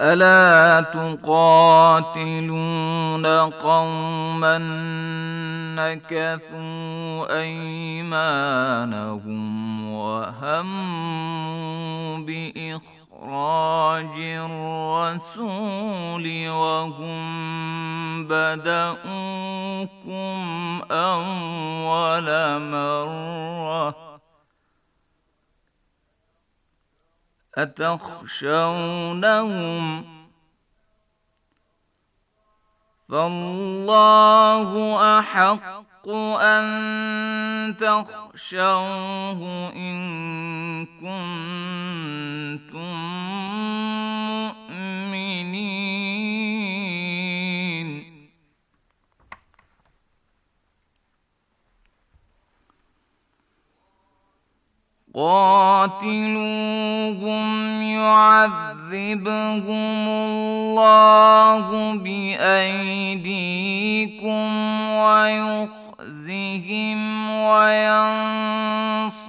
ألا تقاتلون قوما نكثوا أيمانهم وهموا بإخراج الرسول وهم بدأوكم أول مرة أتخشونهم فالله أحق أن تخشوه إن كنتم مؤمنين قاتلوهم يعذبهم الله بأيديكم ويخزهم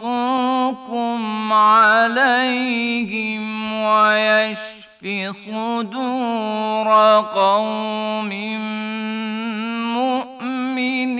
وينصركم عليهم ويشف صدور قوم مؤمنين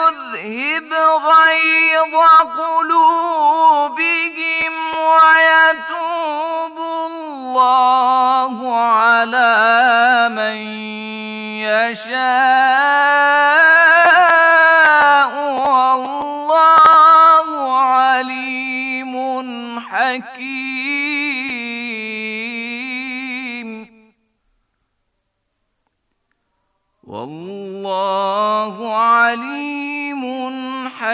يذهب غيظ قلوبهم ويتوب الله على من يشاء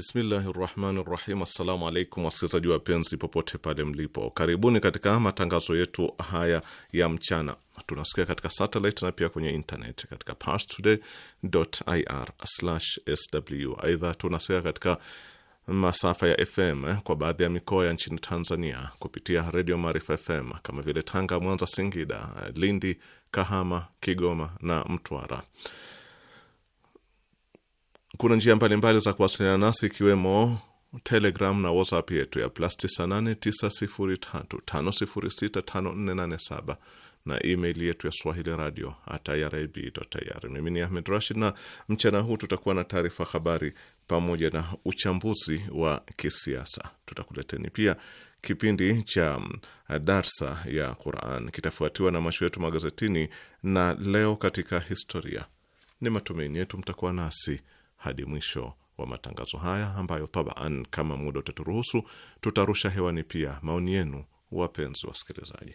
Bismillahi rahmani rahim. Assalamu alaikum wasikilizaji wapenzi, popote pale mlipo, karibuni katika matangazo yetu haya ya mchana. Tunasikia katika satellite na pia kwenye internet katika parstoday.ir/sw. Aidha, tunasikia katika masafa ya FM eh, kwa baadhi ya mikoa ya nchini Tanzania kupitia Redio Maarifa FM kama vile Tanga, Mwanza, Singida, Lindi, Kahama, Kigoma na Mtwara. Kuna njia mbalimbali za kuwasiliana nasi ikiwemo Telegram na WhatsApp yetu ya plus 989035065487 na email yetu ya swahili radio irib.ir. Mimi ni Ahmed Rashid, na mchana huu tutakuwa na taarifa habari pamoja na uchambuzi wa kisiasa. Tutakuleteni pia kipindi cha eh, darsa ya Quran, kitafuatiwa na masho yetu magazetini na leo katika historia. Ni matumaini yetu mtakuwa nasi hadi mwisho wa matangazo haya ambayo tabaan, kama muda utaturuhusu, tutarusha hewani pia maoni yenu, wapenzi wasikilizaji.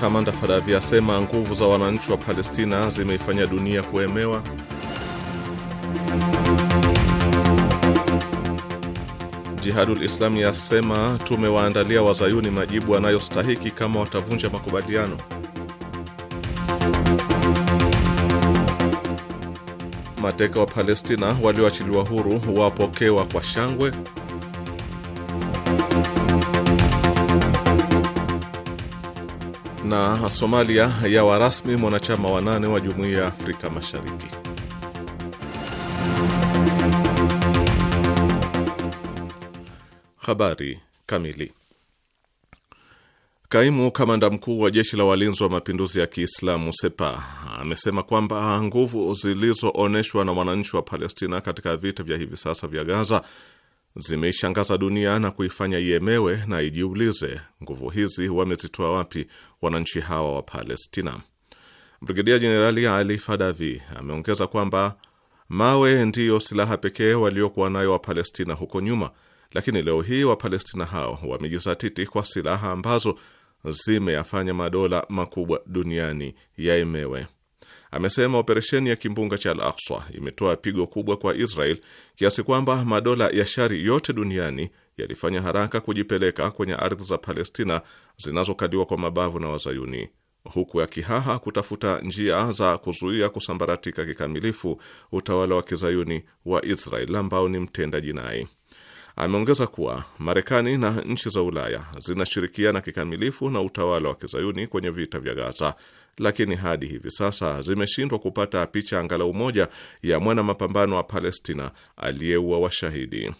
Kamanda Fadavi asema nguvu za wananchi wa Palestina zimeifanya dunia kuemewa. Jihadul Islam yasema tumewaandalia wazayuni majibu anayostahiki kama watavunja makubaliano. Mateka wa Palestina walioachiliwa huru wapokewa kwa shangwe. na Somalia yawa rasmi mwanachama wanane wa Jumuiya ya Afrika Mashariki. Habari kamili. Kaimu kamanda mkuu wa jeshi la walinzi wa mapinduzi ya Kiislamu Sepa amesema kwamba nguvu zilizoonyeshwa na wananchi wa Palestina katika vita vya hivi sasa vya Gaza zimeishangaza dunia na kuifanya iemewe na ijiulize, nguvu hizi wamezitoa wapi wananchi hawa wa Palestina? Brigedia Jenerali Ali Fadavi ameongeza kwamba mawe ndiyo silaha pekee waliokuwa nayo Wapalestina huko nyuma, lakini leo hii Wapalestina hao wamejizatiti kwa silaha ambazo zimeyafanya madola makubwa duniani yaemewe amesema operesheni ya kimbunga cha Al Aqsa imetoa pigo kubwa kwa Israel kiasi kwamba madola ya shari yote duniani yalifanya haraka kujipeleka kwenye ardhi za Palestina zinazokaliwa kwa mabavu na Wazayuni, huku akihaha kutafuta njia za kuzuia kusambaratika kikamilifu utawala wa kizayuni wa Israel ambao ni mtenda jinai. Ameongeza kuwa Marekani na nchi za Ulaya zinashirikiana kikamilifu na utawala wa kizayuni kwenye vita vya Gaza lakini hadi hivi sasa zimeshindwa kupata picha angalau moja ya mwana mapambano wa Palestina aliyeua washahidi.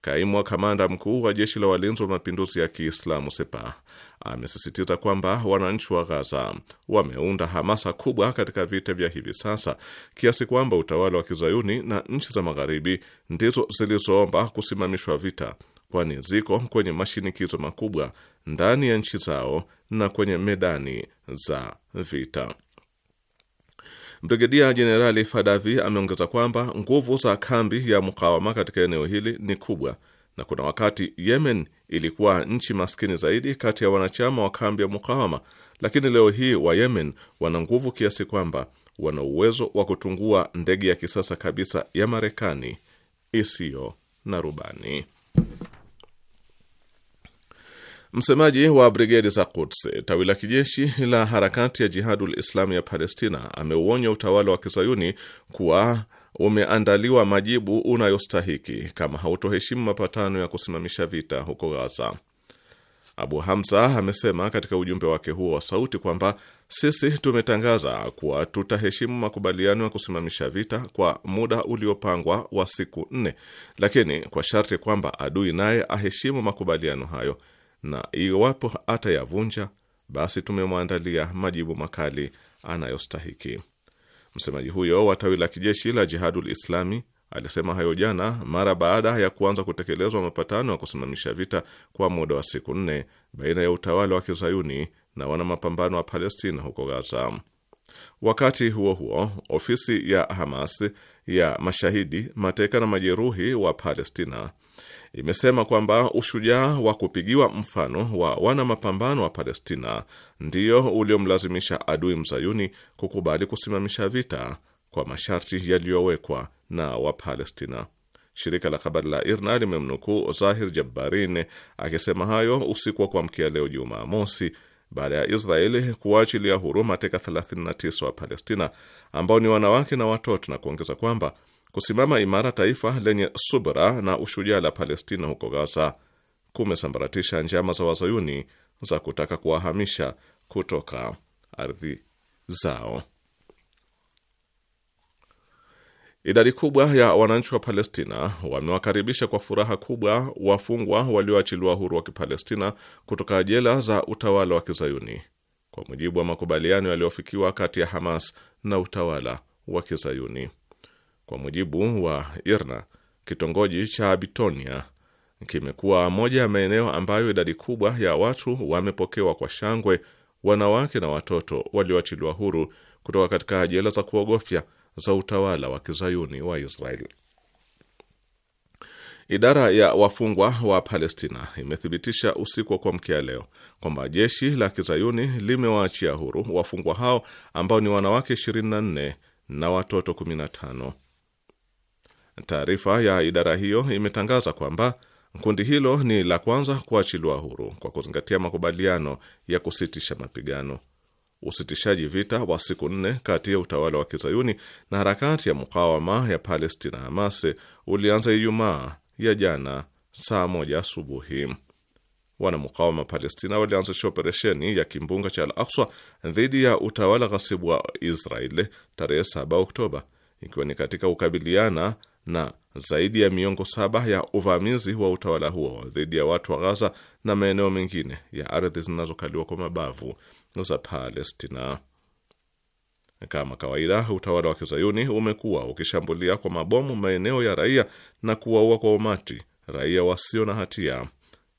Kaimu wa kamanda mkuu wa jeshi la walinzi wa mapinduzi ya Kiislamu Sepah amesisitiza kwamba wananchi wa Ghaza wameunda hamasa kubwa katika vita vya hivi sasa kiasi kwamba utawala wa kizayuni na nchi za magharibi ndizo zilizoomba kusimamishwa vita, kwani ziko kwenye mashinikizo makubwa ndani ya nchi zao na kwenye medani za vita. Brigedia Jenerali Fadavi ameongeza kwamba nguvu za kambi ya mukawama katika eneo hili ni kubwa na kuna wakati Yemen ilikuwa nchi maskini zaidi kati ya wanachama wa kambi ya mukawama, lakini leo hii wa Yemen wana nguvu kiasi kwamba wana uwezo wa kutungua ndege ya kisasa kabisa ya Marekani isiyo na rubani. Msemaji wa brigedi za Quds, tawi la kijeshi la harakati ya Jihadul Islami ya Palestina, ameuonya utawala wa kizayuni kuwa umeandaliwa majibu unayostahiki kama hautoheshimu mapatano ya kusimamisha vita huko Gaza. Abu Hamza amesema katika ujumbe wake huo wa sauti kwamba sisi tumetangaza kuwa tutaheshimu makubaliano ya kusimamisha vita kwa muda uliopangwa wa siku nne, lakini kwa sharti kwamba adui naye aheshimu makubaliano hayo na iwapo atayavunja basi tumemwandalia majibu makali anayostahiki. Msemaji huyo wa tawi la kijeshi la Jihadul Islami alisema hayo jana mara baada ya kuanza kutekelezwa mapatano ya kusimamisha vita kwa muda wa siku nne baina ya utawala wa kizayuni na wanamapambano wa Palestina huko Gaza. Wakati huo huo, ofisi ya Hamas ya mashahidi, mateka na majeruhi wa Palestina imesema kwamba ushujaa wa kupigiwa mfano wa wana mapambano wa Palestina ndiyo uliomlazimisha adui mzayuni kukubali kusimamisha vita kwa masharti yaliyowekwa na Wapalestina. Shirika la habari la IRNA limemnukuu Zahir Jabarin akisema hayo usiku wa kuamkia leo Jumamosi, baada ya Israeli kuwaachilia huru mateka 39 wa Palestina ambao ni wanawake na watoto, na kuongeza kwamba Kusimama imara taifa lenye subra na ushujaa la Palestina huko Gaza kumesambaratisha njama za wazayuni za kutaka kuwahamisha kutoka ardhi zao. Idadi kubwa ya wananchi wa Palestina wamewakaribisha kwa furaha kubwa wafungwa walioachiliwa huru wa Kipalestina kutoka jela za utawala wa Kizayuni kwa mujibu wa makubaliano yaliyofikiwa kati ya Hamas na utawala wa Kizayuni. Kwa mujibu wa IRNA, kitongoji cha Bitonia kimekuwa moja ya maeneo ambayo idadi kubwa ya watu wamepokewa kwa shangwe wanawake na watoto walioachiliwa huru kutoka katika jela za kuogofya za utawala wa kizayuni wa Israeli. Idara ya wafungwa wa Palestina imethibitisha usiku wa kuamkia leo kwamba jeshi la kizayuni limewaachia huru wafungwa hao ambao ni wanawake 24 na watoto 15. Taarifa ya idara hiyo imetangaza kwamba kundi hilo ni la kwanza kuachiliwa huru kwa kuzingatia makubaliano ya kusitisha mapigano. Usitishaji vita wa siku nne kati ya utawala wa kizayuni na harakati ya mukawama ya Palestina, Hamas, ulianza Ijumaa ya jana saa moja asubuhi. Wanamukawama Palestina walianzisha operesheni ya kimbunga cha Al Akswa dhidi ya utawala ghasibu wa Israeli tarehe 7 Oktoba, ikiwa ni katika kukabiliana na zaidi ya miongo saba ya uvamizi wa utawala huo dhidi ya watu wa Ghaza na maeneo mengine ya ardhi zinazokaliwa kwa mabavu za Palestina. Kama kawaida, utawala wa kizayuni umekuwa ukishambulia kwa mabomu maeneo ya raia na kuwaua kwa umati raia wasio na hatia,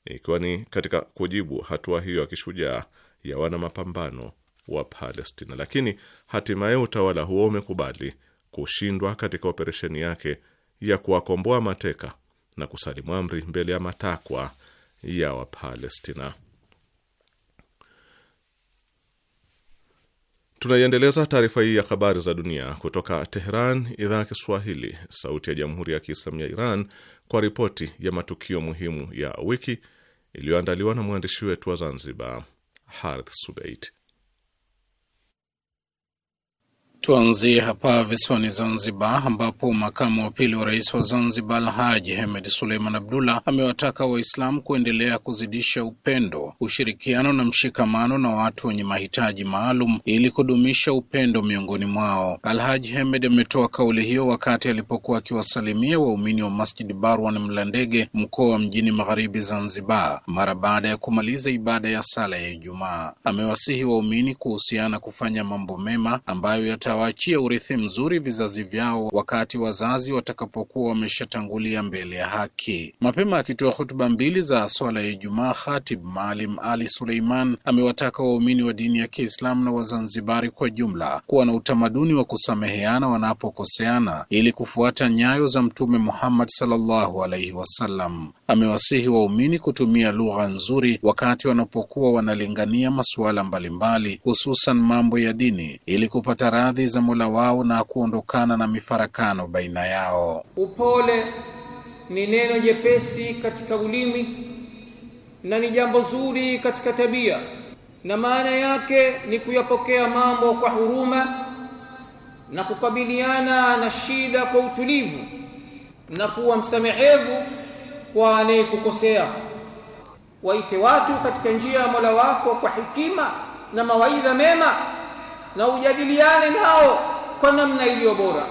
ikiwa ni katika kujibu hatua hiyo ya kishujaa ya wana mapambano wa Palestina. Lakini hatimaye utawala huo umekubali kushindwa katika operesheni yake ya kuwakomboa mateka na kusalimu amri mbele ya matakwa ya Wapalestina. Tunaiendeleza taarifa hii ya habari za dunia kutoka Teheran, idhaa ya Kiswahili, sauti ya jamhuri ya kiislamu ya Iran, kwa ripoti ya matukio muhimu ya wiki iliyoandaliwa na mwandishi wetu wa Zanzibar, Harith Subeit. Tuanzie hapa visiwani Zanzibar, ambapo makamu wa pili wa rais wa Zanzibar Alhaji Hemed Suleiman Abdullah amewataka Waislamu kuendelea kuzidisha upendo, ushirikiano na mshikamano na watu wenye mahitaji maalum ili kudumisha upendo miongoni mwao. Alhaji Hemed ametoa kauli hiyo wakati alipokuwa akiwasalimia waumini wa Masjid Barwan Mlandege, mkoa mjini magharibi Zanzibar, mara baada ya kumaliza ibada ya sala ya Ijumaa. Amewasihi waumini kuhusiana kufanya mambo mema ambayo yata watawaachie urithi mzuri vizazi vyao wakati wazazi watakapokuwa wameshatangulia mbele ya haki. Mapema akitoa hutuba mbili za swala ya Ijumaa, Khatib Maalim Ali Suleiman amewataka waumini wa dini ya Kiislamu na Wazanzibari kwa jumla kuwa na utamaduni wa kusameheana wanapokoseana ili kufuata nyayo za Mtume Muhammad sallallahu alaihi wasallam. Amewasihi waumini kutumia lugha nzuri wakati wanapokuwa wanalingania masuala mbalimbali, hususan mambo ya dini ili kupata radhi radhi za Mola wao na kuondokana na mifarakano baina yao. Upole ni neno jepesi katika ulimi na ni jambo zuri katika tabia, na maana yake ni kuyapokea mambo kwa huruma na kukabiliana na shida kwa utulivu na kuwa msamehevu kwa anayekukosea. Waite watu katika njia ya Mola wako kwa hekima na mawaidha mema na ujadiliane nao kwa namna iliyo bora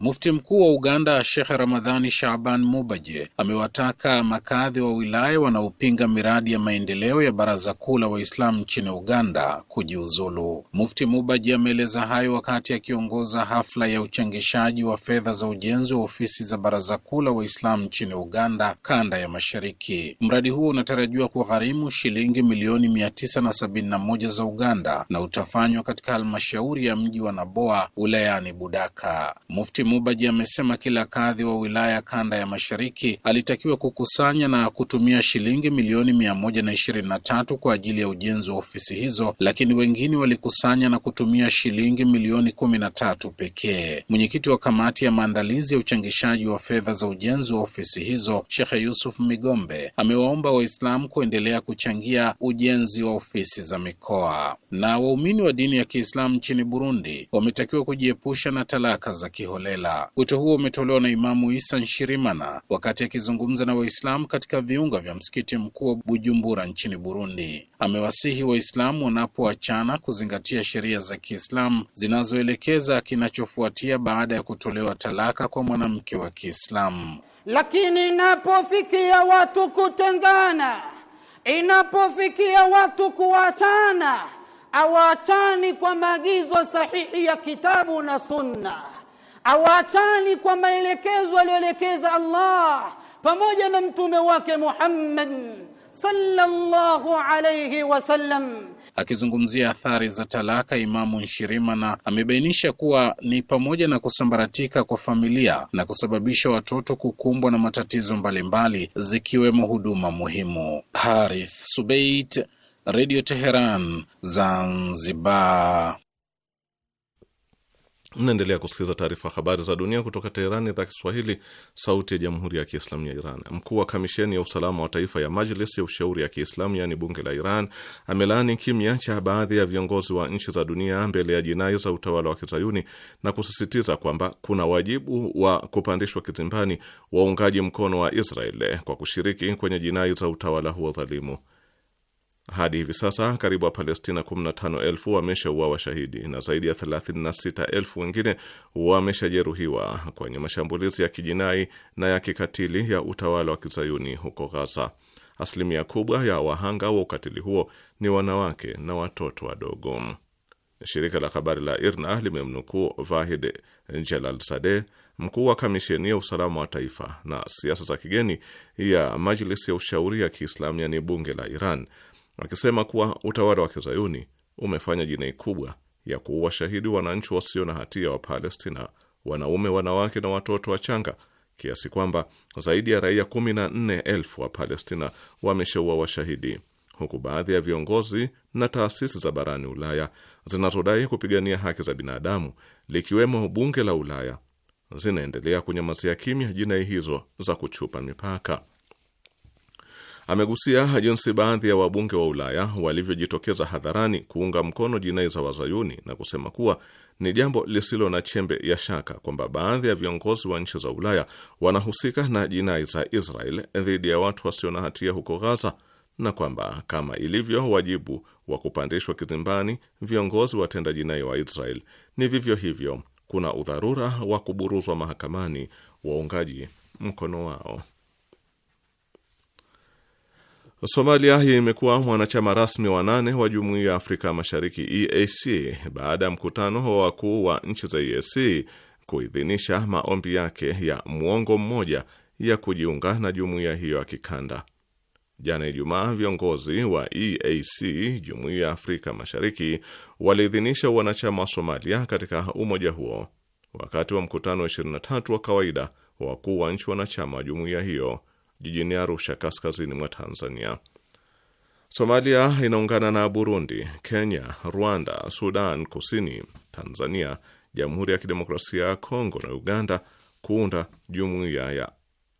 Mufti mkuu wa Uganda Shekhe Ramadhani Shaban Mubaje amewataka makadhi wa wilaya wanaopinga miradi ya maendeleo ya Baraza Kuu la Waislamu nchini Uganda kujiuzulu. Mufti Mubaje ameeleza hayo wakati akiongoza hafla ya uchangishaji wa fedha za ujenzi wa ofisi za Baraza Kuu la Waislamu nchini Uganda kanda ya Mashariki. Mradi huo unatarajiwa kugharimu shilingi milioni mia tisa na sabini na moja za Uganda na utafanywa katika halmashauri ya mji wa Naboa wilayani Budaka. Mufti Mubaji amesema kila kadhi wa wilaya kanda ya mashariki alitakiwa kukusanya na kutumia shilingi milioni mia moja na ishirini na tatu kwa ajili ya ujenzi wa ofisi hizo, lakini wengine walikusanya na kutumia shilingi milioni kumi na tatu pekee. Mwenyekiti wa kamati ya maandalizi ya uchangishaji wa fedha za ujenzi wa ofisi hizo, Shekhe Yusuf Migombe, amewaomba Waislamu kuendelea kuchangia ujenzi wa ofisi za mikoa. Na waumini wa dini ya Kiislamu nchini Burundi wametakiwa kujiepusha na talaka za kiholela jela. Wito huo umetolewa na Imamu Isa Nshirimana wakati akizungumza na Waislamu katika viunga vya msikiti mkuu wa Bujumbura nchini Burundi. Amewasihi Waislamu wanapoachana kuzingatia sheria za Kiislamu zinazoelekeza kinachofuatia baada ya kutolewa talaka kwa mwanamke wa Kiislamu. Lakini inapofikia watu kutengana, inapofikia watu kuachana, awaachani kwa maagizo sahihi ya kitabu na Sunna hawaachani kwa maelekezo aliyoelekeza Allah pamoja na mtume wake Muhammad sallallahu alayhi wasallam. Akizungumzia athari za talaka, Imamu Nshirimana amebainisha kuwa ni pamoja na kusambaratika kwa familia na kusababisha watoto kukumbwa na matatizo mbalimbali zikiwemo huduma muhimu. Harith Subait, Radio Teheran, Zanzibar. Mnaendelea kusikiliza taarifa habari za dunia kutoka Teherani, idhaa Kiswahili, sauti ya jamhuri ya kiislamu ya Iran. Mkuu wa kamisheni ya usalama wa taifa ya Majlis ya ushauri ya Kiislamu, yaani bunge la Iran, amelaani kimya cha baadhi ya viongozi wa nchi za dunia mbele ya jinai za utawala wa kizayuni na kusisitiza kwamba kuna wajibu wa kupandishwa kizimbani waungaji mkono wa Israel kwa kushiriki kwenye jinai za utawala huo dhalimu. Hadi hivi sasa karibu wa palestina 15,000 wameshauawa washahidi na zaidi ya 36,000 wengine wameshajeruhiwa kwenye mashambulizi ya kijinai na ya kikatili ya utawala wa kizayuni huko Ghaza. Asilimia kubwa ya wahanga wa ukatili huo ni wanawake na watoto wadogo. Shirika la habari la IRNA limemnukuu Vahid Jalalzadeh, mkuu wa kamisheni ya usalama wa taifa na siasa za kigeni ya Majlisi ya ushauri ya Kiislamu, yani bunge la Iran akisema kuwa utawala wa kizayuni umefanya jinai kubwa ya kuua shahidi wananchi wasio na hatia wa Palestina, wanaume, wanawake na watoto wachanga, kiasi kwamba zaidi ya raia kumi na nne elfu wa Palestina wameshaua washahidi, huku baadhi ya viongozi na taasisi za barani Ulaya zinazodai kupigania haki za binadamu likiwemo bunge la Ulaya zinaendelea kunyamazia kimya jinai hizo za kuchupa mipaka. Amegusia jinsi baadhi ya wabunge wa Ulaya walivyojitokeza hadharani kuunga mkono jinai za wazayuni na kusema kuwa ni jambo lisilo na chembe ya shaka kwamba baadhi ya viongozi wa nchi za Ulaya wanahusika na jinai za Israel dhidi ya watu wasio na hatia huko Gaza na kwamba kama ilivyo wajibu wa kupandishwa kizimbani viongozi watenda jinai wa Israel, ni vivyo hivyo kuna udharura wa kuburuzwa mahakamani waungaji mkono wao. Somalia imekuwa mwanachama rasmi wa nane wa Jumuiya ya Afrika Mashariki EAC baada ya mkutano wa wakuu wa nchi za EAC kuidhinisha maombi yake ya mwongo mmoja ya kujiunga na jumuiya hiyo ya kikanda. Jana Ijumaa, viongozi wa EAC Jumuiya ya Afrika Mashariki waliidhinisha wanachama wa Somalia katika umoja huo wakati wa mkutano wa 23 wa kawaida wa wakuu wa nchi wanachama wa jumuiya hiyo jijini Arusha, kaskazini mwa Tanzania. Somalia inaungana na Burundi, Kenya, Rwanda, Sudan Kusini, Tanzania, Jamhuri ya Kidemokrasia ya Kongo na Uganda kuunda jumuiya ya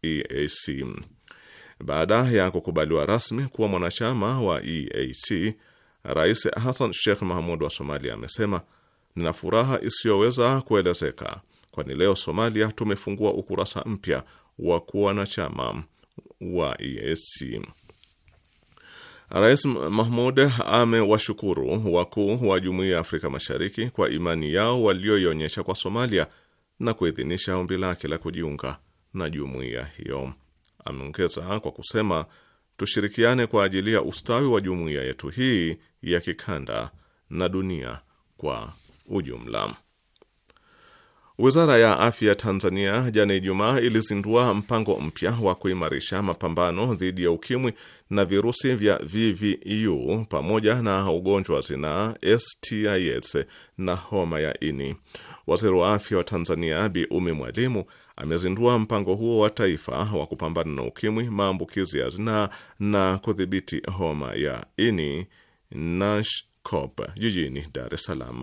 EAC baada ya kukubaliwa rasmi kuwa mwanachama wa EAC. Rais Hassan Sheikh Mahmud wa Somalia amesema nina furaha isiyoweza kuelezeka, kwani leo Somalia tumefungua ukurasa mpya wa kuwa wanachama wa EAC. Rais Mahmud amewashukuru wakuu wa Jumuiya ya Afrika Mashariki kwa imani yao walioionyesha kwa Somalia na kuidhinisha ombi lake la kujiunga na jumuiya hiyo. Ameongeza kwa kusema, tushirikiane kwa ajili ya ustawi wa jumuiya yetu hii ya kikanda na dunia kwa ujumla. Wizara ya Afya Tanzania jana Ijumaa ilizindua mpango mpya wa kuimarisha mapambano dhidi ya ukimwi na virusi vya VVU e pamoja na ugonjwa wa zinaa, STIs na homa ya ini. Waziri wa Afya wa Tanzania Bi Umi Mwalimu amezindua mpango huo wa taifa wa kupambana na ukimwi, maambukizi ya zinaa na kudhibiti homa ya ini NASHCOP jijini Dar es Salaam.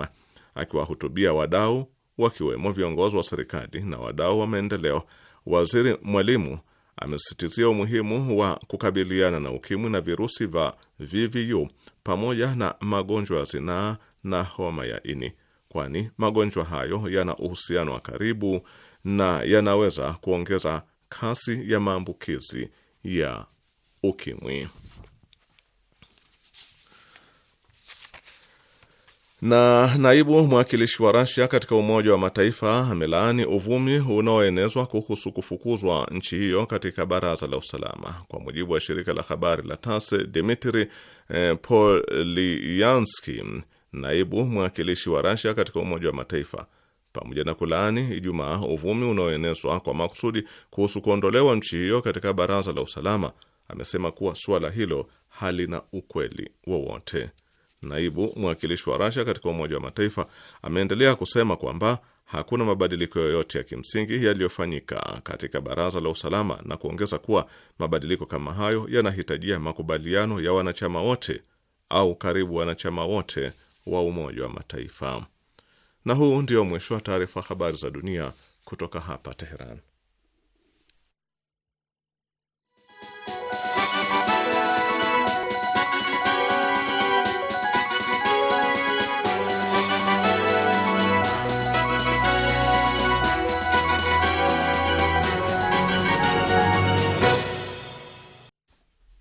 Akiwahutubia wadau wakiwemo viongozi wa serikali na wadau wa maendeleo, Waziri Mwalimu amesisitizia umuhimu wa kukabiliana na ukimwi na virusi vya VVU pamoja na magonjwa ya zinaa na homa ya ini, kwani magonjwa hayo yana uhusiano wa karibu na yanaweza kuongeza kasi ya maambukizi ya ukimwi. Na naibu mwakilishi wa Rasia katika Umoja wa Mataifa amelaani uvumi unaoenezwa kuhusu kufukuzwa nchi hiyo katika Baraza la Usalama. Kwa mujibu wa shirika la habari la TAS, Dmitri eh, Polyanski, naibu mwakilishi wa Rasia katika Umoja wa Mataifa, pamoja na kulaani Ijumaa uvumi unaoenezwa kwa makusudi kuhusu kuondolewa nchi hiyo katika Baraza la Usalama, amesema kuwa suala hilo halina ukweli wowote naibu mwakilishi wa rasha katika Umoja wa Mataifa, ameendelea kusema kwamba hakuna mabadiliko yoyote ya kimsingi yaliyofanyika katika Baraza la Usalama na kuongeza kuwa mabadiliko kama hayo yanahitajia makubaliano ya wanachama wote au karibu wanachama wote wa Umoja wa Mataifa. Na huu ndio mwisho wa taarifa habari za dunia kutoka hapa Teheran.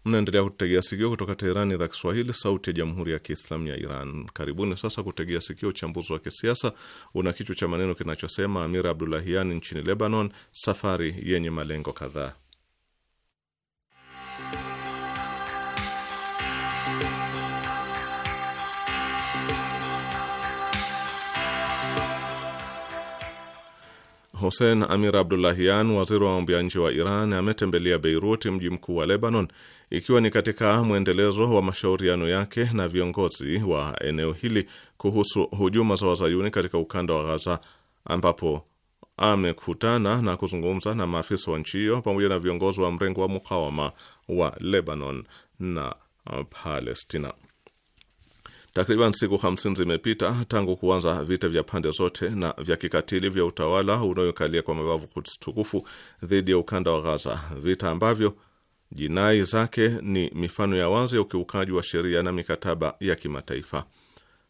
Mnaendelea kutegea sikio kutoka Teherani, idhaa Kiswahili, sauti ya jamhuri ya kiislamu ya Iran. Karibuni sasa kutegea sikio uchambuzi wa kisiasa una kichwa cha maneno kinachosema Amir Abdulahian nchini Lebanon, safari yenye malengo kadhaa. Hossein Amir Abdullahian, waziri wa mambo ya nje wa Iran, ametembelea Beirut, mji mkuu wa Lebanon, ikiwa ni katika mwendelezo wa mashauriano yake na viongozi wa eneo hili kuhusu hujuma za wazayuni katika ukanda wa Ghaza, ambapo amekutana na kuzungumza na maafisa wa nchi hiyo pamoja na viongozi wa mrengo wa mukawama wa Lebanon na Palestina. Takriban siku 50 zimepita tangu kuanza vita vya pande zote na vya kikatili vya utawala unaoikalia kwa mabavu Quds tukufu dhidi ya ukanda wa Gaza, vita ambavyo jinai zake ni mifano ya wazi ya ukiukaji wa sheria na mikataba ya kimataifa.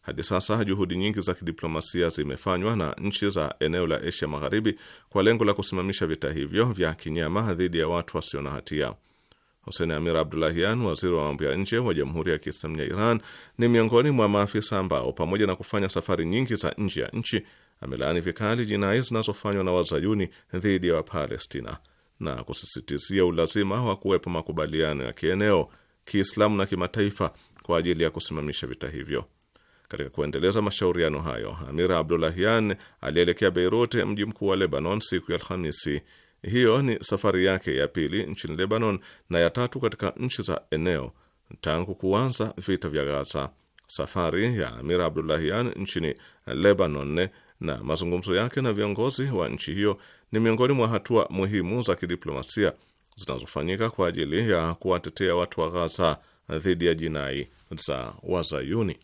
Hadi sasa juhudi nyingi za kidiplomasia zimefanywa na nchi za eneo la Asia Magharibi kwa lengo la kusimamisha vita hivyo vya kinyama dhidi ya watu wasio na hatia husen Amir Abdulahian, waziri wa mambo ya nje wa Jamhuri ya Kiislamu ya Iran, ni miongoni mwa maafisa ambao pamoja na kufanya safari nyingi za nje ya nchi amelaani vikali jinai zinazofanywa na wazayuni dhidi ya Wapalestina na kusisitizia ulazima wa kuwepo makubaliano ya kieneo, Kiislamu na kimataifa kwa ajili ya kusimamisha vita hivyo. Katika kuendeleza mashauriano hayo, Amir Abdulahian alielekea Beirut, mji mkuu wa Lebanon, siku ya Alhamisi hiyo ni safari yake ya pili nchini Lebanon na ya tatu katika nchi za eneo tangu kuanza vita vya Gaza. Safari ya Amir Abdullahian nchini Lebanon na mazungumzo yake na viongozi wa nchi hiyo ni miongoni mwa hatua muhimu za kidiplomasia zinazofanyika kwa ajili ya kuwatetea watu wa Gaza dhidi ya jinai za Wazayuni.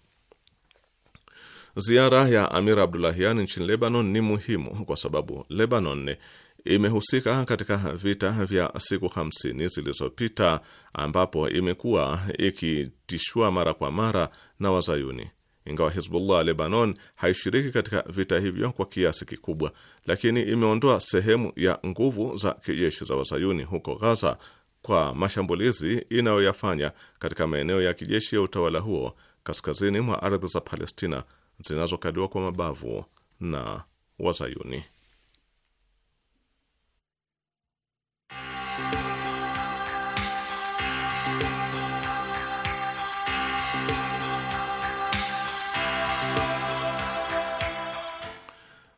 Ziara ya Amir Abdullahian nchini Lebanon ni muhimu kwa sababu Lebanon imehusika katika vita vya siku 50 zilizopita ambapo imekuwa ikitishwa mara kwa mara na Wazayuni. Ingawa Hizbullah Lebanon haishiriki katika vita hivyo kwa kiasi kikubwa, lakini imeondoa sehemu ya nguvu za kijeshi za Wazayuni huko Gaza kwa mashambulizi inayoyafanya katika maeneo ya kijeshi ya utawala huo kaskazini mwa ardhi za Palestina zinazokaliwa kwa mabavu na Wazayuni.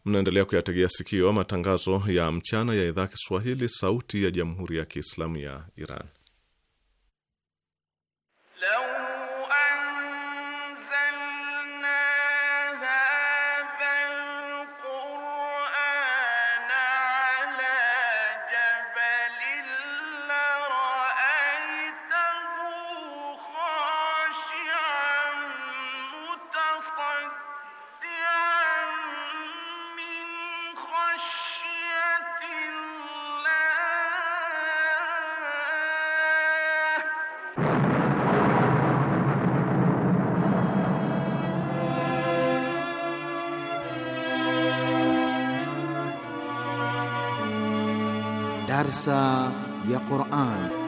Mnaendelea kuyategea sikio matangazo ya mchana ya idhaa Kiswahili sauti ya jamhuri ya Kiislamu ya Iran. درس يا قرآن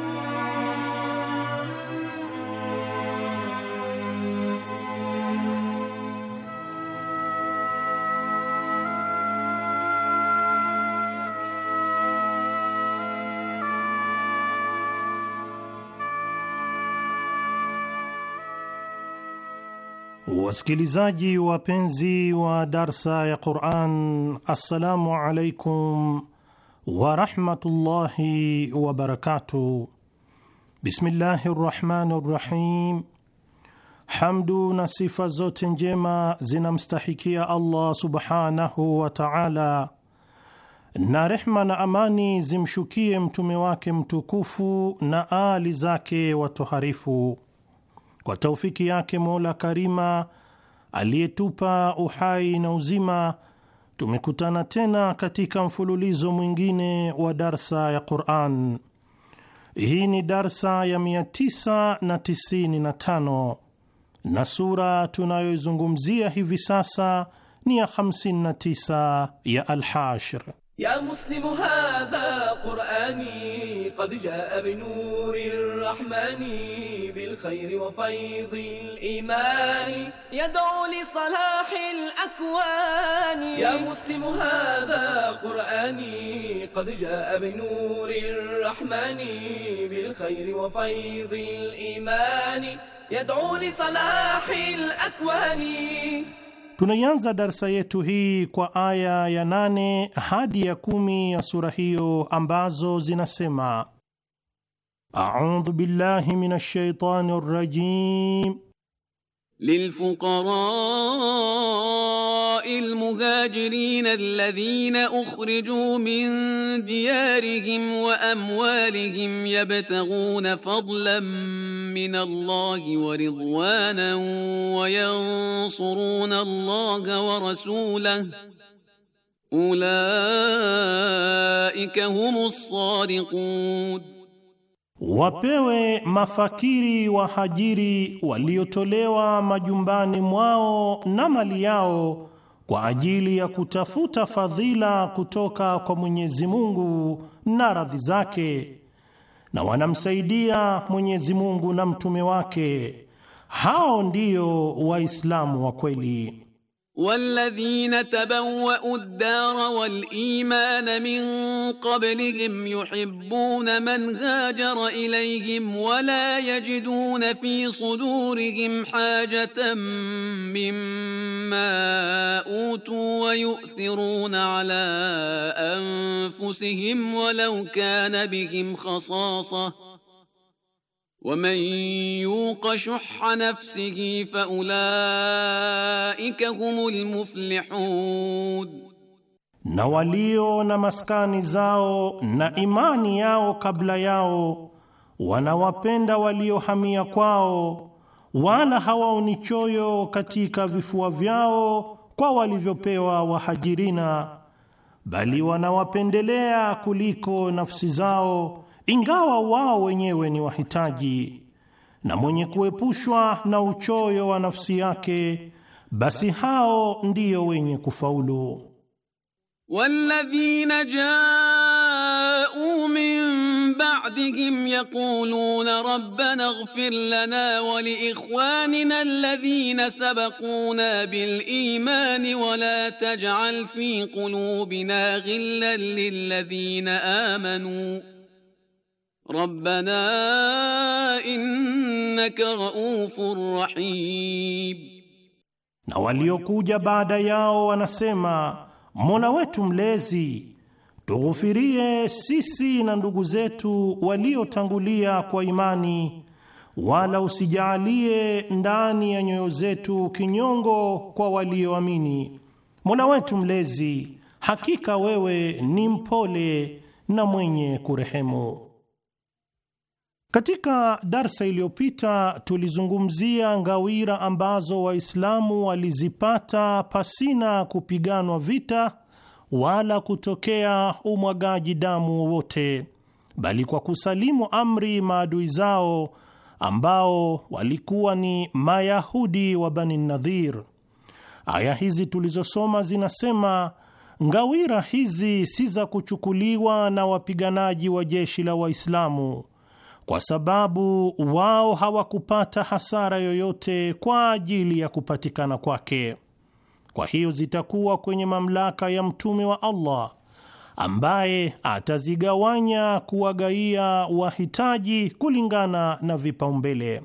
Wasikilizaji wapenzi wa darsa ya Quran, assalamu alaikum warahmatullahi wabarakatu Bismillahi rahmani rahim Hamdu na sifa zote njema zinamstahikia Allah subhanahu wa taala, na rehma na amani zimshukie mtume wake mtukufu na ali zake watoharifu. Kwa taufiki yake Mola Karima aliyetupa uhai na uzima tumekutana tena katika mfululizo mwingine wa darsa ya Quran. Hii ni darsa ya 995 na sura tunayoizungumzia hivi sasa ni ya 59 ya Alhashr. ya muslimu hadha qurani قد جاء بنور الرحمن بالخير وفيض الإيمان يدعو لصلاح الأكوان يا مسلم هذا قرآني قد جاء بنور الرحمن بالخير وفيض الإيمان يدعو لصلاح الأكوان Tunaianza darsa yetu hii kwa aya ya nane hadi ya kumi ya sura hiyo ambazo zinasema: أعوذ بالله من الشيطان الرجيم للفقراء المهاجرين الذين أخرجوا من ديارهم وأموالهم يبتغون فضلا من الله ورضوانا وينصرون الله ورسوله أولئك هم الصادقون Wapewe mafakiri wahajiri waliotolewa majumbani mwao na mali yao kwa ajili ya kutafuta fadhila kutoka kwa Mwenyezi Mungu na radhi zake, na wanamsaidia Mwenyezi Mungu na mtume wake. Hao ndio Waislamu wa kweli. والذين تبوأوا الدار والإيمان من قبلهم يحبون من هاجر إليهم ولا يجدون في صدورهم حاجة مما أوتوا ويؤثرون على أنفسهم ولو كان بهم خصاصةٌ ومن يوق شح نفسه فأولئك هم المفلحون na walio na maskani zao na imani yao kabla yao wanawapenda waliohamia kwao, wala hawaoni choyo katika vifua vyao kwa walivyopewa wahajirina, bali wanawapendelea kuliko nafsi zao ingawa wao wenyewe ni wahitaji, na mwenye kuepushwa na uchoyo wa nafsi yake, basi hao ndiyo wenye kufaulu. walladhina jau min ba'dihim yaquluna rabbana ighfir lana wa li ikhwanina alladhina sabaquna bil imani wa la taj'al fi qulubina ghillan lil ladhina amanu Rabbana innaka raufur rahim, na waliokuja baada yao wanasema Mola wetu mlezi tughufirie sisi na ndugu zetu waliotangulia kwa imani, wala usijaalie ndani ya nyoyo zetu kinyongo kwa walioamini. Mola wetu mlezi, hakika wewe ni mpole na mwenye kurehemu. Katika darsa iliyopita tulizungumzia ngawira ambazo Waislamu walizipata pasina kupiganwa vita wala kutokea umwagaji damu wowote, bali kwa kusalimu amri maadui zao ambao walikuwa ni Mayahudi wa Bani Nadhir. Aya hizi tulizosoma zinasema ngawira hizi si za kuchukuliwa na wapiganaji wa jeshi la Waislamu kwa sababu wao hawakupata hasara yoyote kwa ajili ya kupatikana kwake. Kwa hiyo zitakuwa kwenye mamlaka ya mtume wa Allah ambaye atazigawanya kuwagaia wahitaji kulingana na vipaumbele.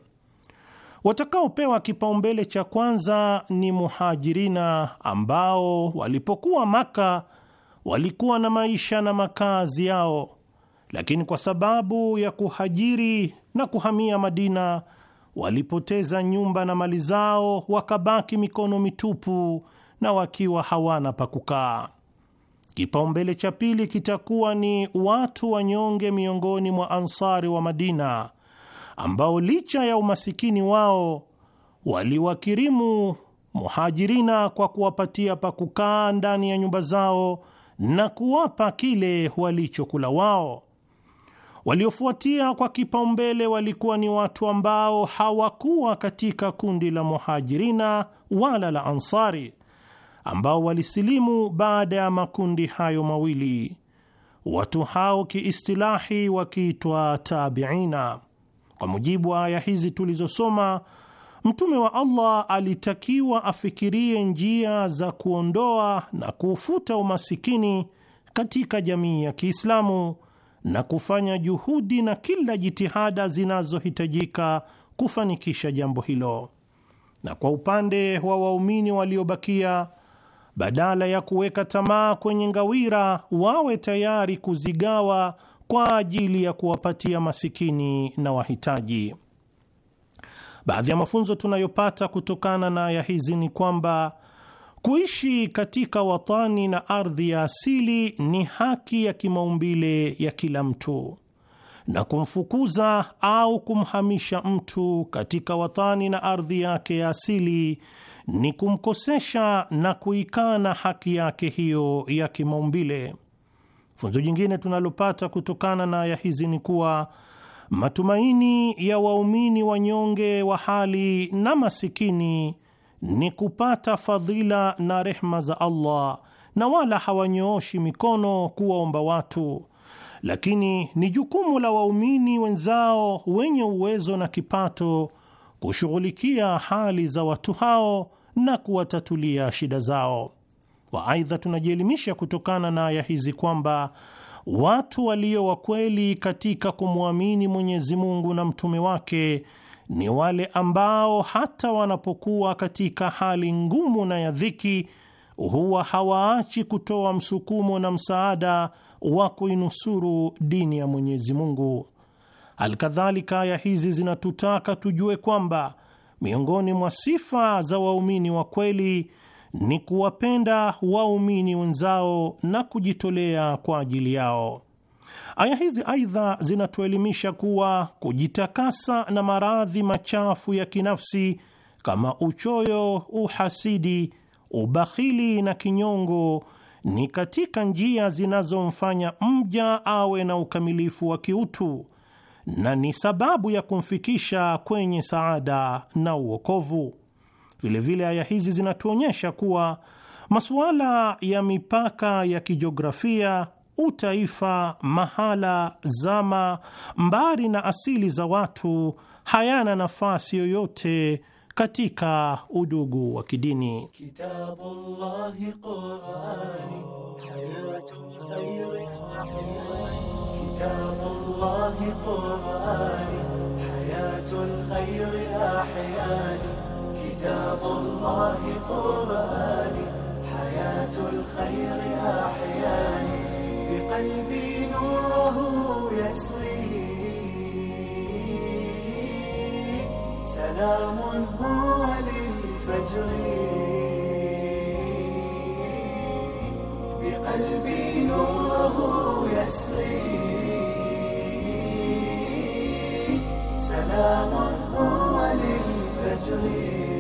Watakaopewa kipaumbele cha kwanza ni Muhajirina ambao walipokuwa Maka walikuwa na maisha na makazi yao lakini kwa sababu ya kuhajiri na kuhamia Madina walipoteza nyumba na mali zao, wakabaki mikono mitupu na wakiwa hawana pa kukaa. Kipaumbele cha pili kitakuwa ni watu wanyonge miongoni mwa Ansari wa Madina ambao licha ya umasikini wao waliwakirimu muhajirina kwa kuwapatia pa kukaa ndani ya nyumba zao na kuwapa kile walichokula wao. Waliofuatia kwa kipaumbele walikuwa ni watu ambao hawakuwa katika kundi la muhajirina wala la Ansari, ambao walisilimu baada ya makundi hayo mawili. Watu hao kiistilahi wakiitwa tabiina. Kwa mujibu wa aya hizi tulizosoma, Mtume wa Allah alitakiwa afikirie njia za kuondoa na kuufuta umasikini katika jamii ya Kiislamu na kufanya juhudi na kila jitihada zinazohitajika kufanikisha jambo hilo. Na kwa upande wa waumini waliobakia, badala ya kuweka tamaa kwenye ngawira, wawe tayari kuzigawa kwa ajili ya kuwapatia masikini na wahitaji. Baadhi ya mafunzo tunayopata kutokana na aya hizi ni kwamba Kuishi katika watani na ardhi ya asili ni haki ya kimaumbile ya kila mtu, na kumfukuza au kumhamisha mtu katika watani na ardhi yake ya asili ni kumkosesha na kuikana haki yake hiyo ya kimaumbile. Funzo jingine tunalopata kutokana na aya hizi ni kuwa matumaini ya waumini wanyonge wa hali na masikini ni kupata fadhila na rehma za Allah na wala hawanyooshi mikono kuwaomba watu, lakini ni jukumu la waumini wenzao wenye uwezo na kipato kushughulikia hali za watu hao na kuwatatulia shida zao. wa Aidha, tunajielimisha kutokana na aya hizi kwamba watu walio wakweli katika kumwamini Mwenyezi Mungu na mtume wake ni wale ambao hata wanapokuwa katika hali ngumu na ya dhiki huwa hawaachi kutoa msukumo na msaada wa kuinusuru dini ya Mwenyezi Mungu. Alkadhalika, aya hizi zinatutaka tujue kwamba miongoni mwa sifa za waumini wa kweli ni kuwapenda waumini wenzao na kujitolea kwa ajili yao. Aya hizi aidha zinatuelimisha kuwa kujitakasa na maradhi machafu ya kinafsi kama uchoyo, uhasidi, ubakhili na kinyongo ni katika njia zinazomfanya mja awe na ukamilifu wa kiutu na ni sababu ya kumfikisha kwenye saada na uokovu. Vilevile aya hizi zinatuonyesha kuwa masuala ya mipaka ya kijiografia utaifa, mahala, zama, mbari na asili za watu hayana nafasi yoyote katika udugu wa kidini. Kitabullahi Qurani, hayatun khayri ahyan. قلبي نوره يسري سلام هو للفجر بقلبي نوره يسري سلام هو للفجر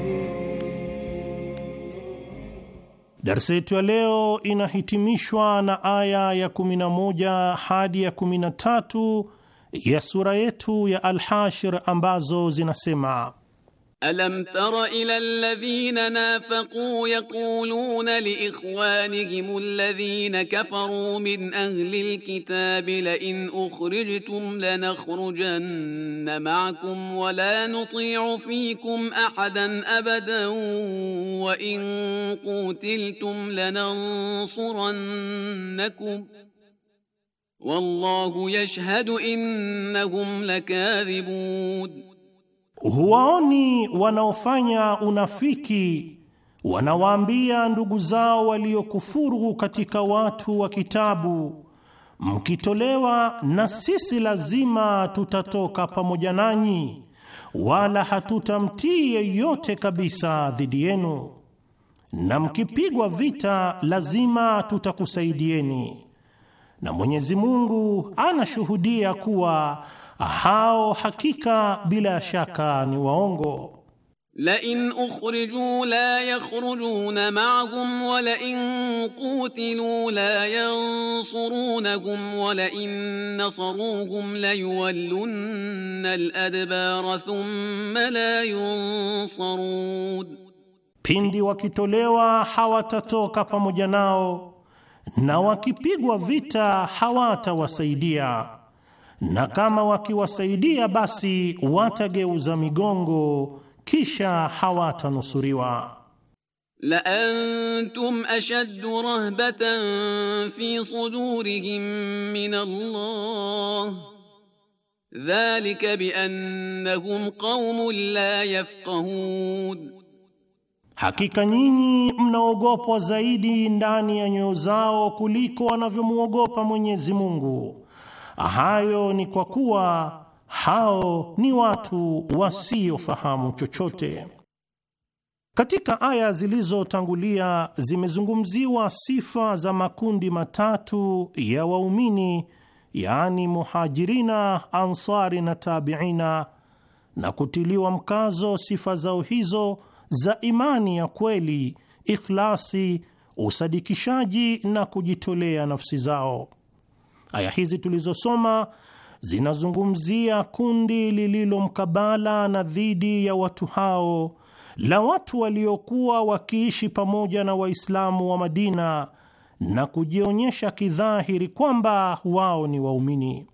Darsa yetu ya leo inahitimishwa na aya ya 11 hadi ya 13 ya sura yetu ya Alhashir ambazo zinasema ألم تر إلى الذين نافقوا يقولون لإخوانهم الذين كفروا من أهل الكتاب لئن أخرجتم لنخرجن معكم ولا نطيع فيكم أحدا أبدا وإن قوتلتم لننصرنكم والله يشهد إنهم لكاذبون Huwaoni wanaofanya unafiki wanawaambia ndugu zao waliokufuru katika watu wa Kitabu, mkitolewa na sisi lazima tutatoka pamoja nanyi, wala hatutamtii yeyote kabisa dhidi yenu, na mkipigwa vita lazima tutakusaidieni, na Mwenyezi Mungu anashuhudia kuwa hao hakika bila shaka ni waongo. in ukhriju la yakhrujuna ma'ahum wa in qutilu la yansurunahum wa lain nasaruhum yuwallunna al-adbara thumma la yunsarun, pindi wakitolewa hawatatoka pamoja nao na wakipigwa vita hawatawasaidia na kama wakiwasaidia basi watageuza migongo, kisha hawatanusuriwa. la antum ashaddu rahbatan fi sudurihim min Allah dhalika bi annahum qaumun la yafqahun, hakika nyinyi mnaogopwa zaidi ndani ya nyoyo zao kuliko wanavyomwogopa Mwenyezi Mungu Hayo ni kwa kuwa hao ni watu wasiofahamu chochote. Katika aya zilizotangulia zimezungumziwa sifa za makundi matatu ya waumini, yaani muhajirina, ansari na tabiina, na kutiliwa mkazo sifa zao hizo za imani ya kweli, ikhlasi, usadikishaji na kujitolea nafsi zao. Aya hizi tulizosoma zinazungumzia kundi lililo mkabala na dhidi ya watu hao la watu waliokuwa wakiishi pamoja na Waislamu wa Madina na kujionyesha kidhahiri kwamba wao ni waumini.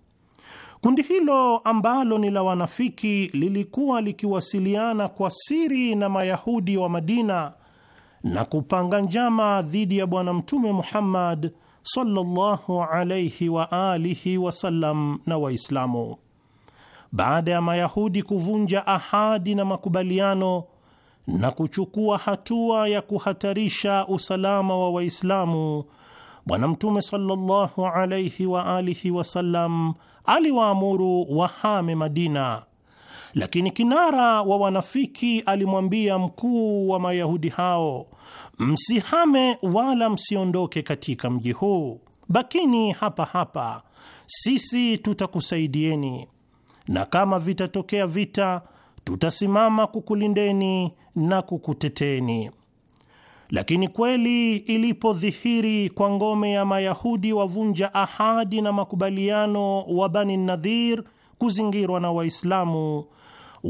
Kundi hilo ambalo ni la wanafiki lilikuwa likiwasiliana kwa siri na Mayahudi wa Madina na kupanga njama dhidi ya Bwana Mtume Muhammad sallallahu alayhi wa alihi sallam na Waislamu. Baada ya Mayahudi kuvunja ahadi na makubaliano na kuchukua hatua ya kuhatarisha usalama wa Waislamu, Bwana Mtume sallallahu alayhi wa alihi sallam aliwaamuru wahame Madina, lakini kinara wa wanafiki alimwambia mkuu wa Mayahudi hao msihame wala msiondoke katika mji huu, bakini hapa hapa, sisi tutakusaidieni, na kama vitatokea vita, tutasimama kukulindeni na kukuteteni. Lakini kweli ilipodhihiri kwa ngome ya Mayahudi wavunja ahadi na makubaliano wa Bani Nadhir kuzingirwa na Waislamu,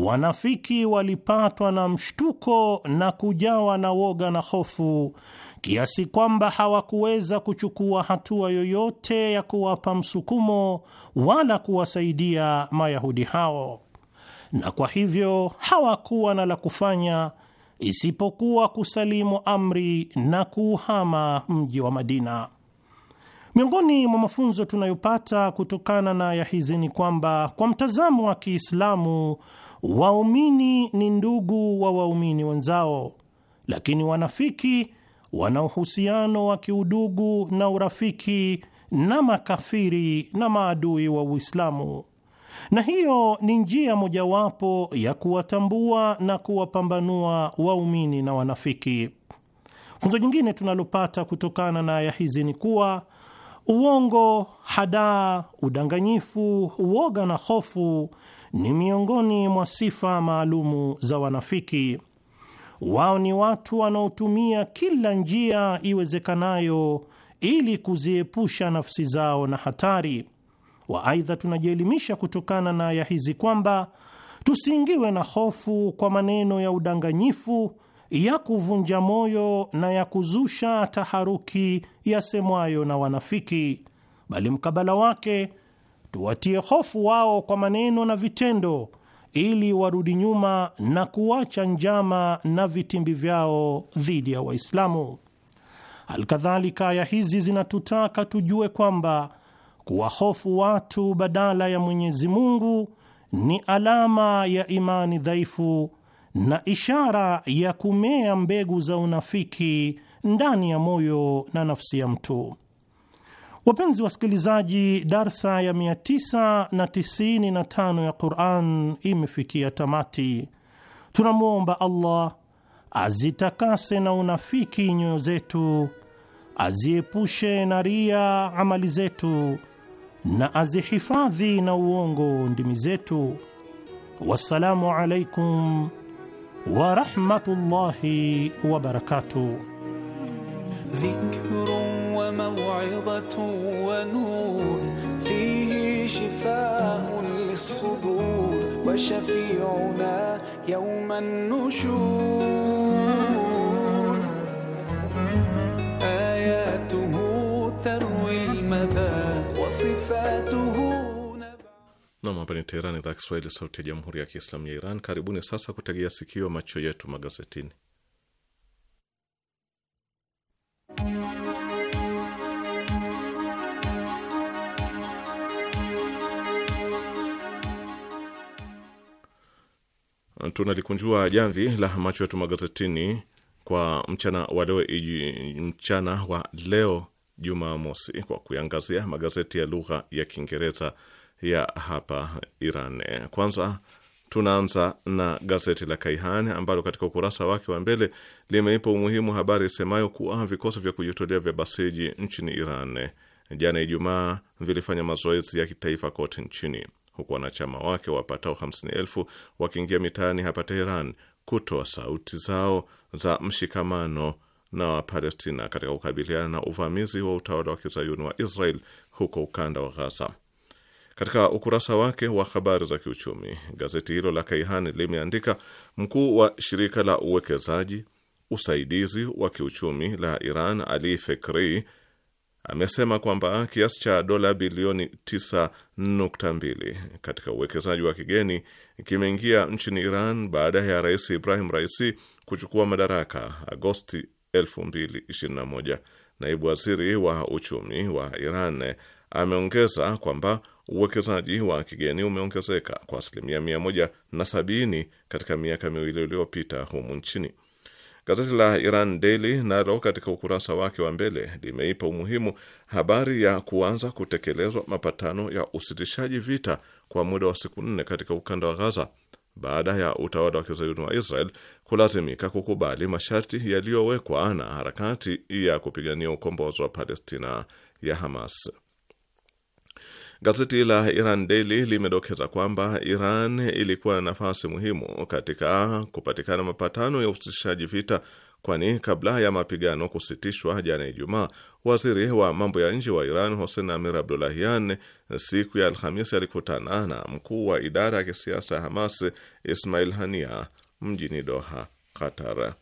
Wanafiki walipatwa na mshtuko na kujawa na woga na hofu kiasi kwamba hawakuweza kuchukua hatua yoyote ya kuwapa msukumo wala kuwasaidia Mayahudi hao, na kwa hivyo hawakuwa na la kufanya isipokuwa kusalimu amri na kuuhama mji wa Madina. Miongoni mwa mafunzo tunayopata kutokana na aya hizi ni kwamba kwa mtazamo wa Kiislamu Waumini ni ndugu wa waumini wenzao, lakini wanafiki wana uhusiano wa kiudugu na urafiki na makafiri na maadui wa Uislamu, na hiyo ni njia mojawapo ya kuwatambua na kuwapambanua waumini na wanafiki. Funzo jingine tunalopata kutokana na aya hizi ni kuwa uongo, hadaa, udanganyifu, uoga na hofu ni miongoni mwa sifa maalumu za wanafiki. Wao ni watu wanaotumia kila njia iwezekanayo ili kuziepusha nafsi zao na hatari wa. Aidha, tunajielimisha kutokana na aya hizi kwamba tusiingiwe na hofu kwa maneno ya udanganyifu ya kuvunja moyo na ya kuzusha taharuki yasemwayo na wanafiki, bali mkabala wake tuwatie hofu wao kwa maneno na vitendo, ili warudi nyuma na kuacha njama na vitimbi vyao dhidi ya Waislamu. Alkadhalika, aya hizi zinatutaka tujue kwamba kuwahofu watu badala ya Mwenyezi Mungu ni alama ya imani dhaifu na ishara ya kumea mbegu za unafiki ndani ya moyo na nafsi ya mtu. Wapenzi wasikilizaji, darsa ya 995 ya Quran imefikia tamati. Tunamwomba Allah azitakase na unafiki nyoyo zetu, aziepushe na ria amali zetu, na azihifadhi na uongo ndimi zetu. Wassalamu alaikum warahmatullahi wabarakatuh. ذكر وموعظة ونور فيه شفاء للصدور وشفيعنا يوم النشور آياته تروي المدى وصفاته Nam, hapa ni Teherani, idhaa Kiswahili, sauti ya jamhuri ya kiislamu ya Iran. Karibuni sasa kutegea sikio, macho yetu magazetini. tunalikunjua jamvi la macho yetu magazetini kwa mchana wa leo, mchana wa leo Jumamosi, kwa kuiangazia magazeti ya lugha ya Kiingereza ya hapa Iran. Kwanza tunaanza na gazeti la Kaihan ambalo katika ukurasa wake wa mbele limeipa umuhimu habari isemayo kuwa vikosi vya kujitolea vya Basiji nchini Iran jana Ijumaa vilifanya mazoezi ya kitaifa kote nchini huku wanachama wake wapatao 50,000 wakiingia mitaani hapa Teheran kutoa sauti zao za mshikamano na Wapalestina katika kukabiliana na uvamizi wa utawala wa kizayuni wa Israel huko ukanda wa Ghaza. Katika ukurasa wake wa habari za kiuchumi, gazeti hilo la Kaihani limeandika mkuu wa shirika la uwekezaji usaidizi wa kiuchumi la Iran Ali Fekri amesema kwamba kiasi cha dola bilioni 9.2 katika uwekezaji wa kigeni kimeingia nchini Iran baada ya Rais Ibrahim Raisi kuchukua madaraka Agosti 2021. Naibu waziri wa uchumi wa Iran ameongeza kwamba uwekezaji wa kigeni umeongezeka kwa asilimia 170 katika miaka miwili iliyopita humu nchini. Gazeti la Iran Daily nalo katika ukurasa wake wa mbele limeipa umuhimu habari ya kuanza kutekelezwa mapatano ya usitishaji vita kwa muda wa siku nne katika ukanda wa Gaza baada ya utawala wa kizayuni wa Israel kulazimika kukubali masharti yaliyowekwa na harakati ya kupigania ukombozi wa Palestina ya Hamas. Gazeti la Iran Daily limedokeza kwamba Iran ilikuwa na nafasi muhimu katika kupatikana mapatano ya usitishaji vita, kwani kabla ya mapigano kusitishwa jana Ijumaa, waziri wa mambo ya nje wa Iran Hossein Amir Abdollahian siku ya Alhamisi alikutana na mkuu wa idara ya kisiasa Hamas Ismail Hania mjini Doha, Qatar.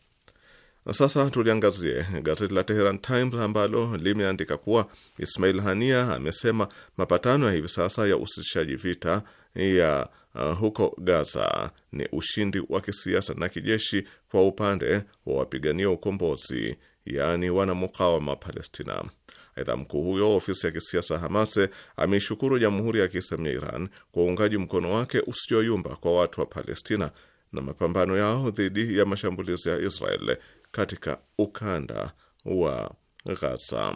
Na sasa tuliangazie gazeti la Teheran Times ambalo limeandika kuwa Ismail Hania amesema mapatano ya hivi sasa ya usitishaji vita ya uh, huko Gaza ni ushindi wa kisiasa na kijeshi kwa upande wa wapigania ukombozi, yaani wanamukawama Palestina. Aidha, mkuu huyo ofisi ya kisiasa Hamase ameishukuru Jamhuri ya Kiislamu ya Iran kwa uungaji mkono wake usioyumba kwa watu wa Palestina na mapambano yao dhidi ya mashambulizi ya Israel katika ukanda wa Gaza.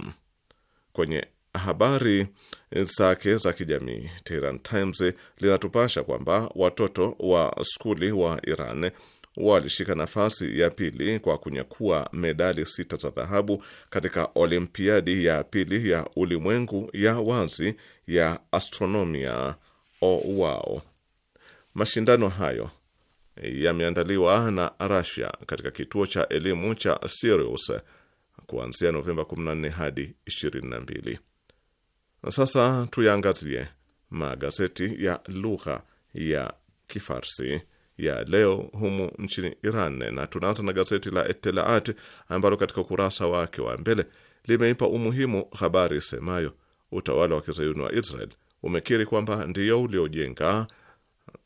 Kwenye habari zake za kijamii, Tehran Times linatupasha kwamba watoto wa skuli wa Iran walishika nafasi ya pili kwa kunyakua medali sita za dhahabu katika olimpiadi ya pili ya ulimwengu ya wazi ya astronomia owao. Mashindano hayo yameandaliwa na Russia katika kituo cha elimu cha Sirius kuanzia Novemba 14 hadi 22. Sasa tuyaangazie magazeti ya lugha ya Kifarsi ya leo humu nchini Iran, na tunaanza na gazeti la Etelaat ambalo katika ukurasa wake wa mbele limeipa umuhimu habari isemayo utawala wa kizayuni wa Israel umekiri kwamba ndiyo uliojenga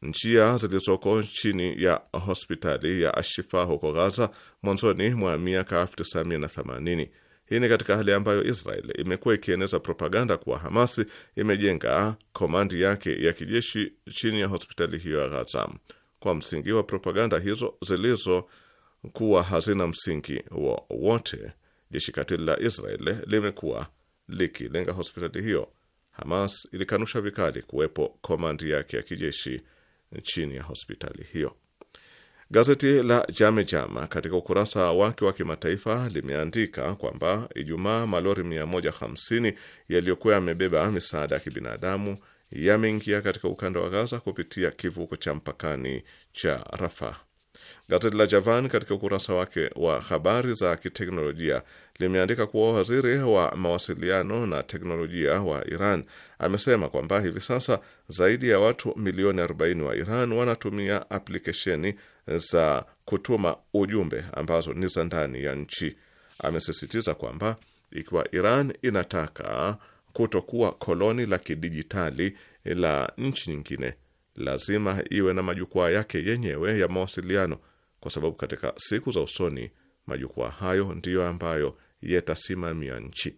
Njia zilizoko chini ya hospitali ya Ashifa huko Gaza mwanzoni mwa miaka 1980. Hii ni katika hali ambayo Israel imekuwa ikieneza propaganda kuwa Hamasi imejenga komandi yake ya kijeshi chini ya hospitali hiyo ya Gaza. Kwa msingi wa propaganda hizo zilizokuwa hazina msingi wowote, jeshi katili la Israel limekuwa likilenga hospitali hiyo. Hamas ilikanusha vikali kuwepo komandi yake ya kijeshi chini ya hospitali hiyo. Gazeti la Jamejama katika ukurasa wake wa kimataifa limeandika kwamba Ijumaa malori 150 yaliyokuwa yamebeba misaada ya kibinadamu yameingia katika ukanda wa Gaza kupitia kivuko cha mpakani cha Rafa. Gazeti la Javan katika ukurasa wake wa habari za kiteknolojia limeandika kuwa waziri wa mawasiliano na teknolojia wa Iran amesema kwamba hivi sasa zaidi ya watu milioni 40 wa Iran wanatumia aplikesheni za kutuma ujumbe ambazo ni za ndani ya nchi. Amesisitiza kwamba ikiwa Iran inataka kutokuwa koloni la kidijitali la nchi nyingine, lazima iwe na majukwaa yake yenyewe ya mawasiliano kwa sababu katika siku za usoni majukwaa hayo ndiyo ambayo yatasimamia nchi.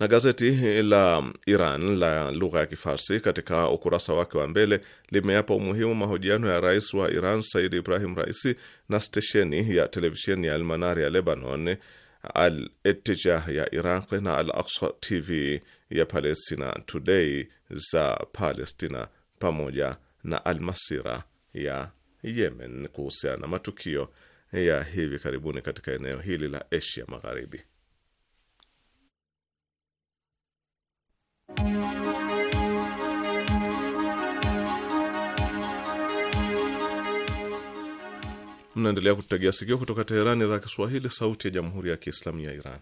Na gazeti la Iran la lugha ya Kifarsi katika ukurasa wake wa mbele limeyapa umuhimu mahojiano ya rais wa Iran Said Ibrahim Raisi na stesheni ya televisheni ya Almanari ya Lebanon, Al Etija ya Iraq na Al Aksa TV ya Palestina Today za Palestina pamoja na Almasira ya Yemen kuhusiana na matukio ya hivi karibuni katika eneo hili la Asia Magharibi. Mnaendelea kutegea sikio kutoka Teherani, idhaa ya Kiswahili, sauti ya jamhuri ya kiislamu ya Iran.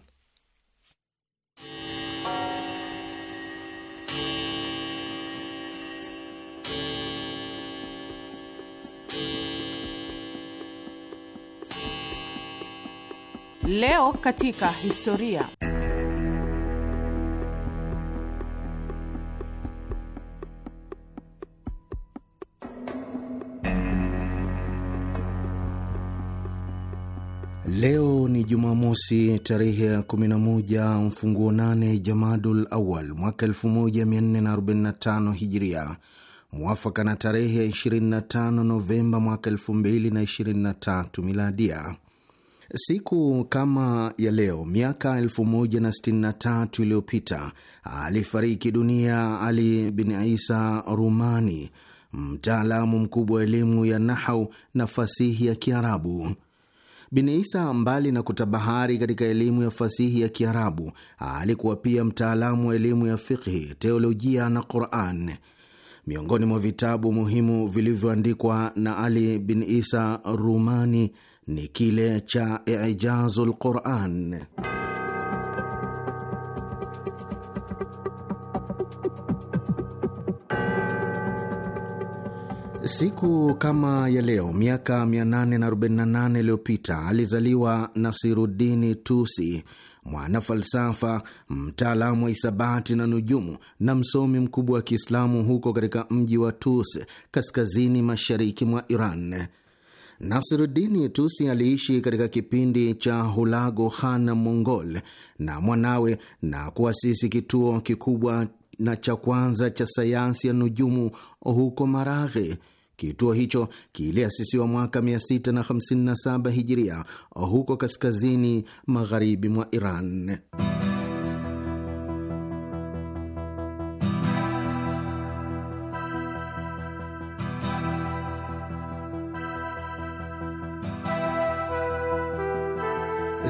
Leo katika historia. Leo ni Jumamosi tarehe ya 11 mfunguo 8 Jamadul Awal mwaka 1445 Hijria, mwafaka na tarehe ya 25 Novemba mwaka 2023 Miladia. Siku kama ya leo miaka 1063 iliyopita alifariki dunia Ali bin Isa Rumani, mtaalamu mkubwa wa elimu ya nahau na fasihi ya Kiarabu. Bin Isa, mbali na kutabahari katika elimu ya fasihi ya Kiarabu, alikuwa pia mtaalamu wa elimu ya fikhi, teolojia na Quran. Miongoni mwa vitabu muhimu vilivyoandikwa na Ali bin Isa Rumani ni kile cha ijazu lquran. Siku kama ya leo miaka 848 iliyopita alizaliwa nasirudini Tusi, mwana falsafa, mtaalamu wa hisabati na nujumu na msomi mkubwa wa Kiislamu huko katika mji wa Tus, kaskazini mashariki mwa Iran. Nasirudini Tusi aliishi katika kipindi cha Hulagu Khan Mongol na mwanawe na kuasisi kituo kikubwa na cha kwanza cha sayansi ya nujumu huko Maraghe. Kituo hicho kiliasisiwa mwaka 657 hijiria huko kaskazini magharibi mwa Iran.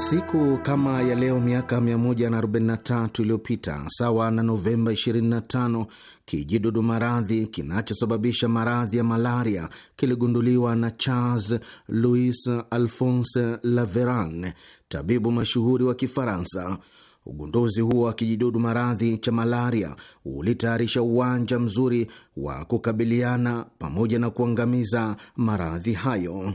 Siku kama ya leo miaka 143 iliyopita, sawa na Novemba 25, kijidudu maradhi kinachosababisha maradhi ya malaria kiligunduliwa na Charles Louis Alphonse Laveran, tabibu mashuhuri wa Kifaransa. Ugunduzi huo wa kijidudu maradhi cha malaria ulitayarisha uwanja mzuri wa kukabiliana pamoja na kuangamiza maradhi hayo.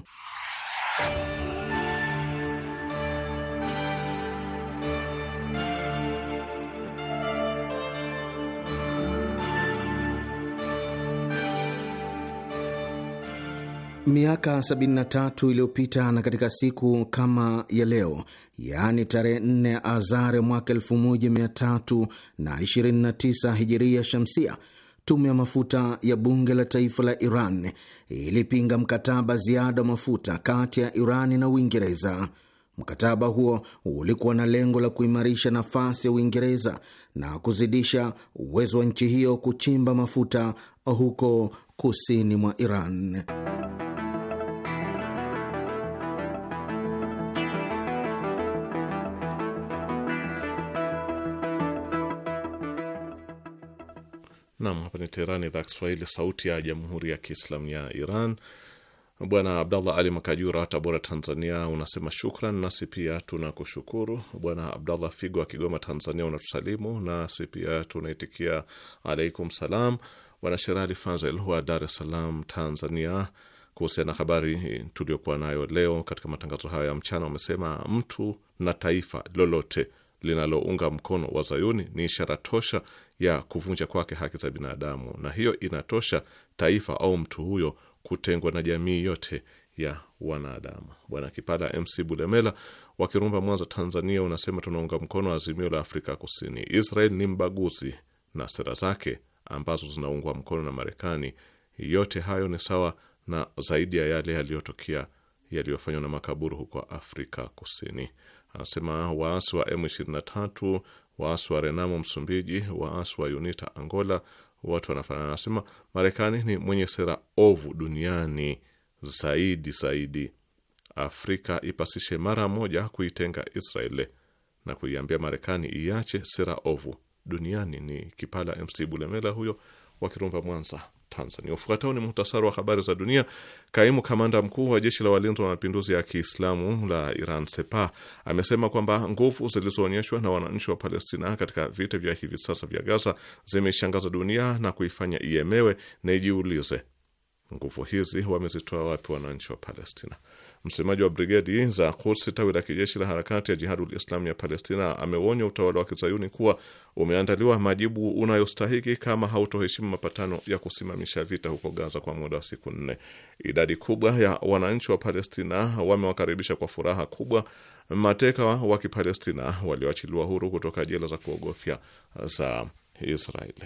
Miaka 73 iliyopita na katika siku kama ya leo, yaani tarehe 4 ya Azare mwaka 1329 hijiria shamsia, tume ya mafuta ya bunge la taifa la Iran ilipinga mkataba ziada wa mafuta kati ya Irani na Uingereza. Mkataba huo ulikuwa na lengo la kuimarisha nafasi ya Uingereza na kuzidisha uwezo wa nchi hiyo kuchimba mafuta huko kusini mwa Iran. Nam, hapa ni Teherani, idhaa Kiswahili, sauti ya jamhuri ya kiislam ya Iran. Bwana Abdallah Ali Makajura wa Tabora, Tanzania, unasema shukran, nasi pia tunakushukuru. Bwana Abdallah Figo wa Kigoma, Tanzania, unatusalimu, nasi pia tunaitikia alaikum salam. Bwana Sherali Fazel wa Dar es Salaam, Tanzania, kuhusiana na habari tuliyokuwa nayo leo katika matangazo hayo ya mchana, wamesema mtu na taifa lolote linalounga mkono wa zayuni ni ishara tosha ya kuvunja kwake haki za binadamu, na hiyo inatosha taifa au mtu huyo kutengwa na jamii yote ya wanadamu. Bwana Kipala MC Bulemela wa Kirumba, Mwanza, Tanzania, unasema tunaunga mkono azimio la Afrika Kusini. Israel ni mbaguzi na sera zake ambazo zinaungwa mkono na Marekani. Yote hayo ni sawa na zaidi ya yale yaliyotokea yaliyofanywa na makaburu huko Afrika Kusini. Anasema waasi wa M23, waasi wa Renamo Msumbiji, waasi wa UNITA Angola, watu wanafanana. Anasema Marekani ni mwenye sera ovu duniani zaidi zaidi. Afrika ipasishe mara moja kuitenga Israeli na kuiambia Marekani iache sera ovu duniani. Ni Kipala MC Bulemela huyo wa Kirumba, Mwanza. Tanzania. Ufuatao ni muhtasari wa habari za dunia. Kaimu kamanda mkuu wa jeshi la walinzi wa mapinduzi ya Kiislamu la Iran sepa amesema kwamba nguvu zilizoonyeshwa na wananchi wa Palestina katika vita vya hivi sasa vya Gaza zimeishangaza dunia na kuifanya iemewe na ijiulize Nguvu hizi wamezitoa wapi wananchi wa Palestina? Msemaji wa brigedi za Quds, tawi la kijeshi la harakati ya Jihadul Islami ya Palestina, ameuonya utawala wa kizayuni kuwa umeandaliwa majibu unayostahiki kama hautoheshimu mapatano ya kusimamisha vita huko Gaza kwa muda wa siku nne. Idadi kubwa ya wananchi wa Palestina wamewakaribisha kwa furaha kubwa mateka wa Kipalestina walioachiliwa huru kutoka jela za kuogofya za Israeli.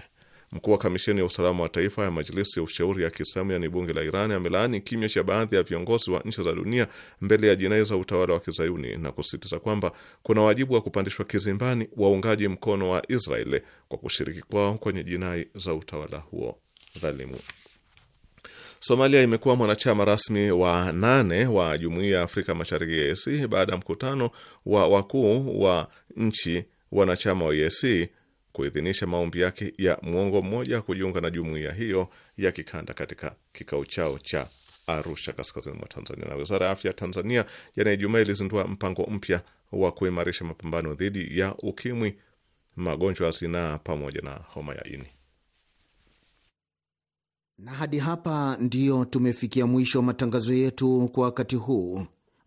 Mkuu wa kamisheni ya usalama wa taifa ya Majilisi ya ushauri ya Kiislamu, yani bunge la Iran, amelaani kimya cha baadhi ya viongozi wa nchi za dunia mbele ya jinai za utawala wa kizayuni na kusisitiza kwamba kuna wajibu wa kupandishwa kizimbani waungaji mkono wa Israeli kwa kushiriki kwao kwenye jinai za utawala huo dhalimu. Somalia imekuwa mwanachama rasmi wa nane wa Jumuiya ya Afrika Mashariki EAC baada ya mkutano wa wakuu wa nchi wanachama wa EAC kuidhinisha maombi yake ya mwongo mmoja kujiunga na jumuiya hiyo ya kikanda katika kikao chao cha Arusha, kaskazini mwa Tanzania. Na wizara ya afya ya Tanzania jana Ijumaa ilizindua mpango mpya wa kuimarisha mapambano dhidi ya ukimwi, magonjwa ya zinaa pamoja na homa ya ini. Na hadi hapa ndiyo tumefikia mwisho wa matangazo yetu kwa wakati huu.